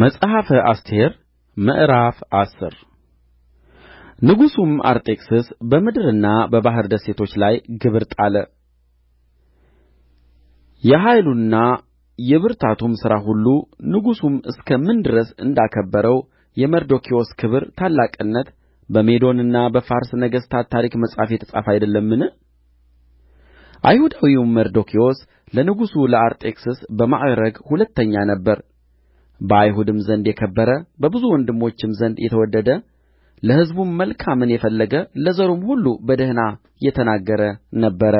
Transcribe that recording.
መጽሐፈ አስቴር ምዕራፍ አስር ንጉሡም አርጤክስስ በምድርና በባሕር ደሴቶች ላይ ግብር ጣለ የኃይሉና የብርታቱም ሥራ ሁሉ ንጉሡም እስከ ምን ድረስ እንዳከበረው የመርዶክዮስ ክብር ታላቅነት በሜዶንና በፋርስ ነገሥታት ታሪክ መጽሐፍ የተጻፈ አይደለምን? አይሁዳዊውም መርዶክዮስ ለንጉሡ ለአርጤክስስ በማዕርግ ሁለተኛ ነበር። በአይሁድም ዘንድ የከበረ በብዙ ወንድሞችም ዘንድ የተወደደ ለሕዝቡም መልካምን የፈለገ ለዘሩም ሁሉ በደኅና የተናገረ ነበረ